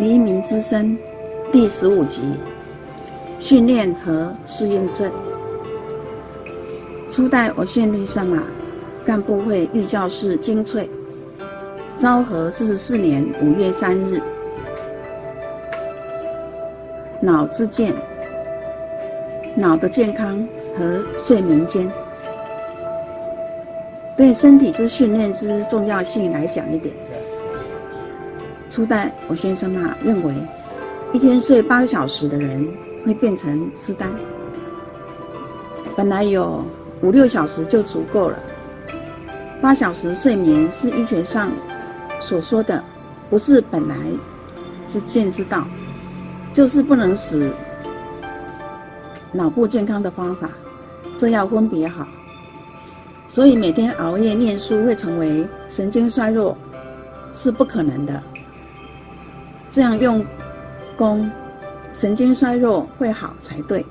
《黎明之聲》第十五集：訓練和適應症。初代我訓律上馬、啊、幹部會預教室精粹。昭和四十四年五月三日，腦之健，腦的健康和睡眠間，對身體之訓練之重要性來講一點。初代我先生呢、啊、認為，一天睡八個小時的人會變成痴呆。本來有五六小時就足夠了，八小時睡眠是醫學上所說的，不是本來是健之道，就是不能使腦部健康的方法，這要分別好。所以每天熬夜念書會成為神經衰弱，是不可能的。這樣用功，神經衰弱會好才對，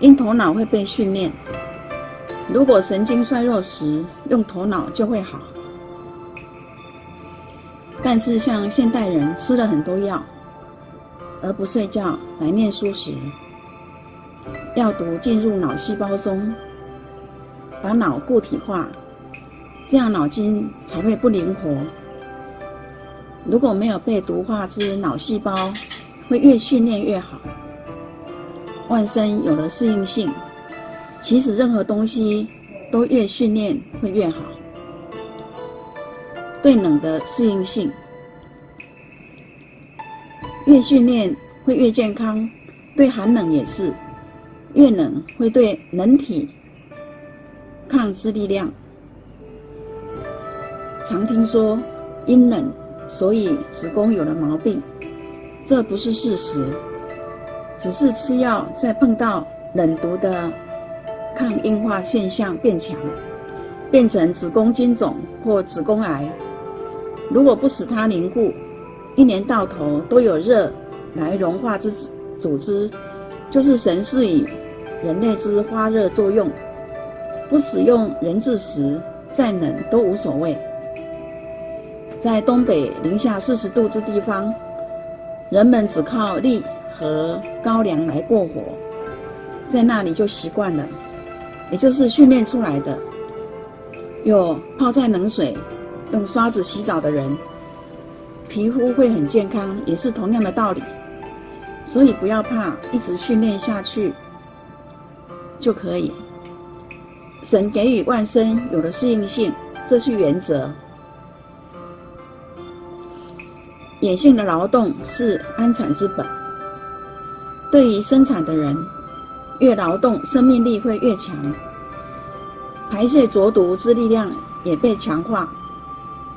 因頭腦會被訓練。如果神經衰弱時用頭腦就會好，但是像現代人吃了很多藥，而不睡覺來念書時，藥毒進入腦細胞中，把腦固體化，這樣腦筋才會不靈活。如果沒有被毒化之腦細胞，會越訓練越好。萬生有了適應性，其實任何東西都越訓練會越好。對冷的適應性，越訓練會越健康，對寒冷也是，越冷會對人體抗支力量。常聽說，陰冷。所以子宮有了毛病，這不是事實，只是吃藥再碰到冷毒的，抗硬化現象變強，變成子宮肌腫或子宮癌。如果不使它凝固，一年到頭都有熱來融化之組織，就是神授予人類之發熱作用，不使用人治時，再冷都無所謂。在東北零下四十度這地方，人們只靠粟和高粱來過活，在那裡就習慣了，也就是訓練出來的。有泡在冷水、用刷子洗澡的人，皮膚會很健康，也是同樣的道理。所以不要怕，一直訓練下去就可以。神給予萬生有了適應性，這是原則。野性的勞動是安產之本。對於生產的人，越勞動生命力會越強，排泄濁毒之力量也被強化，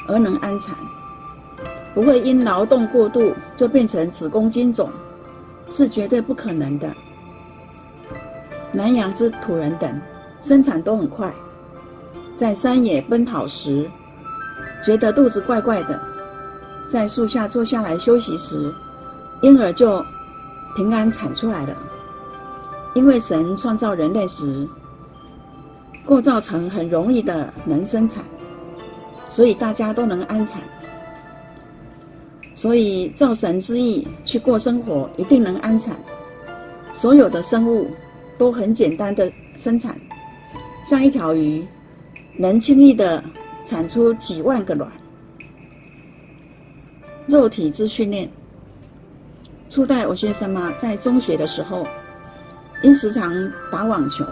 而能安產，不會因勞動過度就變成子宮肌腫，是絕對不可能的。南洋之土人等生產都很快，在山野奔跑時，覺得肚子怪怪的。在樹下坐下來休息時，嬰兒就平安產出來了。因為神創造人類時，構造成很容易的能生產，所以大家都能安產。所以照神之意去過生活，一定能安產。所有的生物都很簡單的生產，像一條魚，能輕易的產出幾萬個卵。肉體之訓練，初代我先生呢，在中學的時候，因時常打網球，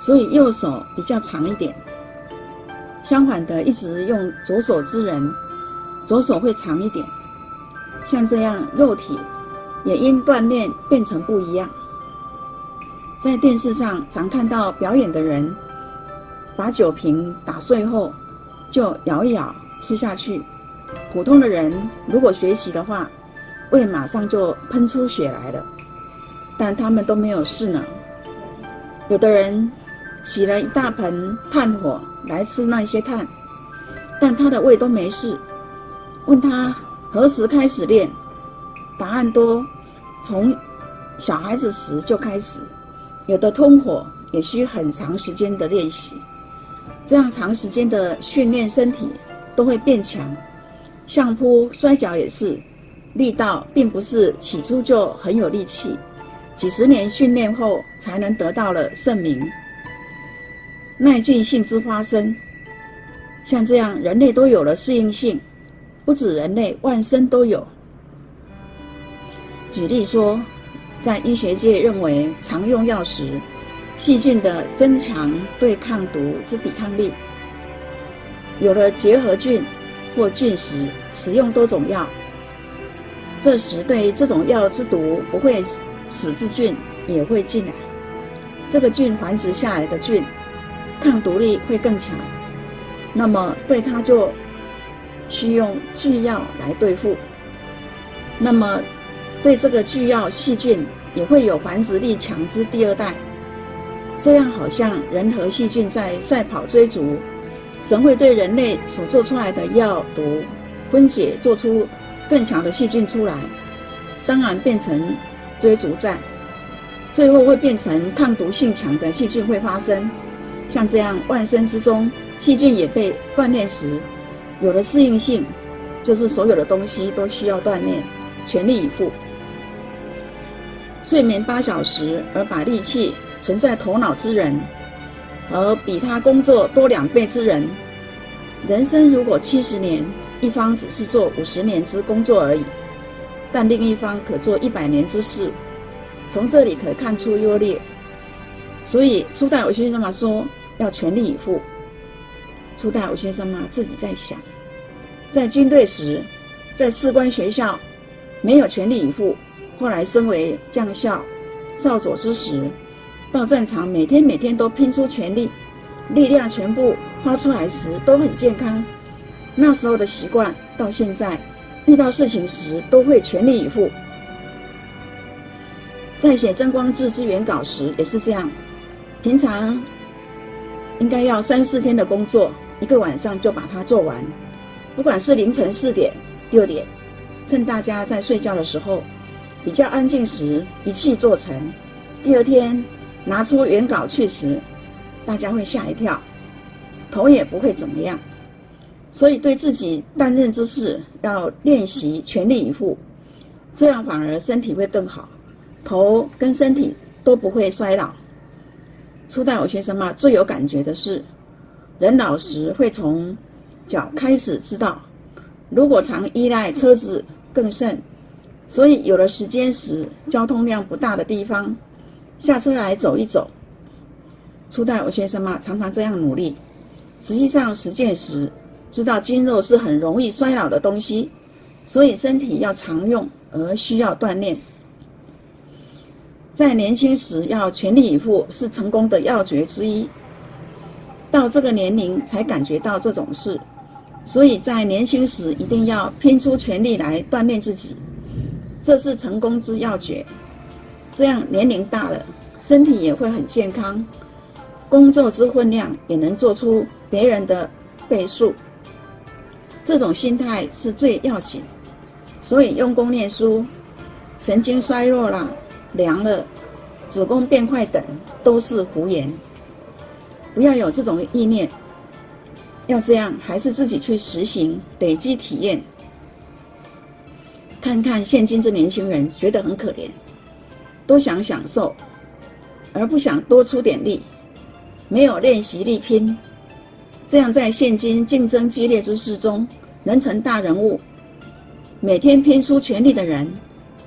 所以右手比較長一點。相反的，一直用左手之人，左手會長一點。像這樣肉體也因鍛鍊變成不一樣。在電視上常看到表演的人，把酒瓶打碎後，就咬一咬吃下去。普通的人如果學習的話，胃馬上就噴出血來了，但他們都沒有事呢。有的人起了一大盆炭火來吃那些炭，但他的胃都沒事。問他何時開始練，答案多，從小孩子時就開始。有的通火也需很長時間的練習，這樣長時間的訓練身體都會變強。相撲、摔跤，也是，力道並不是起初就很有力氣，幾十年訓練後才能得到了盛名。耐菌性之發生，像這樣人類都有了適應性，不止人類，萬生都有。舉例說，在醫學界認為，常用藥時，細菌的增強對抗毒之抵抗力，有了結核菌。或菌時，使用多種藥，這時對於這種藥之毒不會死之菌也會進來，這個菌繁殖下來的菌，抗毒力會更強，那麼對它就需用劇藥來對付，那麼對這個劇藥細菌也會有繁殖力強之第二代，這樣好像人和細菌在賽跑追逐。神會對人類所做出來的藥毒分解，做出更強的細菌出來，當然變成追逐戰，最後會變成抗毒性強的細菌會發生。像這樣萬生之中，細菌也被鍛鍊時，有了適應性，就是所有的東西都需要鍛鍊，全力以赴。睡眠八小時而把力氣存在頭腦之人。而比他工作多兩倍之人，人生如果七十年，一方只是做五十年之工作而已，但另一方可做一百年之事。從這裡可看出優劣。所以初代武先生嘛說要全力以赴。初代武先生嘛自己在想，在軍隊時，在士官學校沒有全力以赴，後來升為將校、少佐之時。到戰場，每天每天都拼出全力，力量全部發出來時都很健康。那時候的習慣，到現在遇到事情時都會全力以赴。在寫《真光誌》之原稿時也是這樣，平常應該要三四天的工作，一個晚上就把它做完。不管是凌晨四點、六點，趁大家在睡覺的時候，比較安靜時一氣做成。第二天。拿出原稿去時，大家會嚇一跳，頭也不會怎麼樣。所以對自己擔任之事要練習全力以赴，這樣反而身體會更好，頭跟身體都不會衰老。初代武先生嘛，最有感覺的是，人老時會從腳開始知道，如果常依賴車子更甚。所以有了時間時，交通量不大的地方，下車來走一走。初代我先生嘛，常常這樣努力。實際上實踐時，知道筋肉是很容易衰老的東西，所以身體要常用，而需要鍛鍊。在年輕時要全力以赴是成功的要訣之一。到這個年齡才感覺到這種事，所以在年輕時一定要拼出全力來鍛鍊自己，這是成功之要訣。這樣年齡大了，身體也會很健康，工作之分量也能做出別人的倍數。這種心態是最要緊，所以用功念書，神經衰弱了、涼了、子宮變壞等都是胡言，不要有這種意念。要這樣，還是自己去實行，累積體驗，看看現今這年輕人覺得很可憐。都想享受，而不想多出點力，沒有練習力拼，這樣在現今競爭激烈之世中，能成大人物，每天拼出全力的人，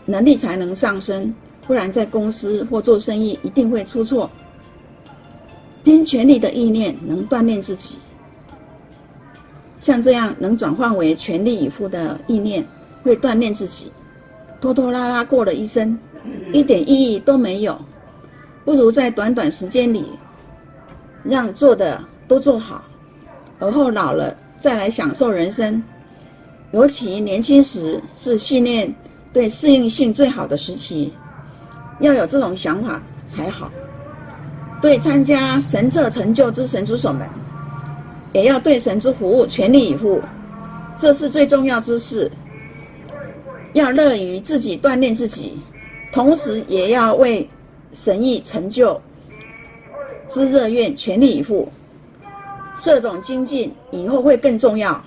能力才能上升，不然在公司或做生意一定會出錯。拼全力的意念能鍛鍊自己，像這樣能轉換為全力以赴的意念，會鍛鍊自己，拖拖拉拉過了一生，一點意義都沒有，不如在短短時間裡，讓做的都做好，而後老了再來享受人生。尤其年輕時是訓練對適應性最好的時期，要有這種想法才好。對參加神社成就之神組手們，也要對神之服務全力以赴，這是最重要之事。要樂於自己鍛鍊自己。同時，也要為神意成就之熱願全力以赴。這種精進以後會更重要。